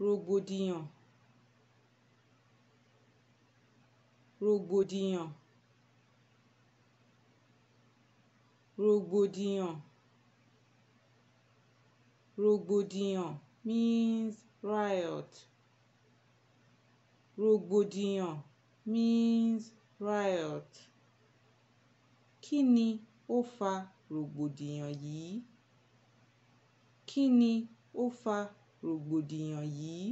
rògbòdìyàn rògbòdìyàn rògbòdìyàn rògbòdìyàn means riot rògbòdìyàn means riot kí ni ó fa rògbòdìyàn yìí kí ni ó fa rògbòdìyàn yìí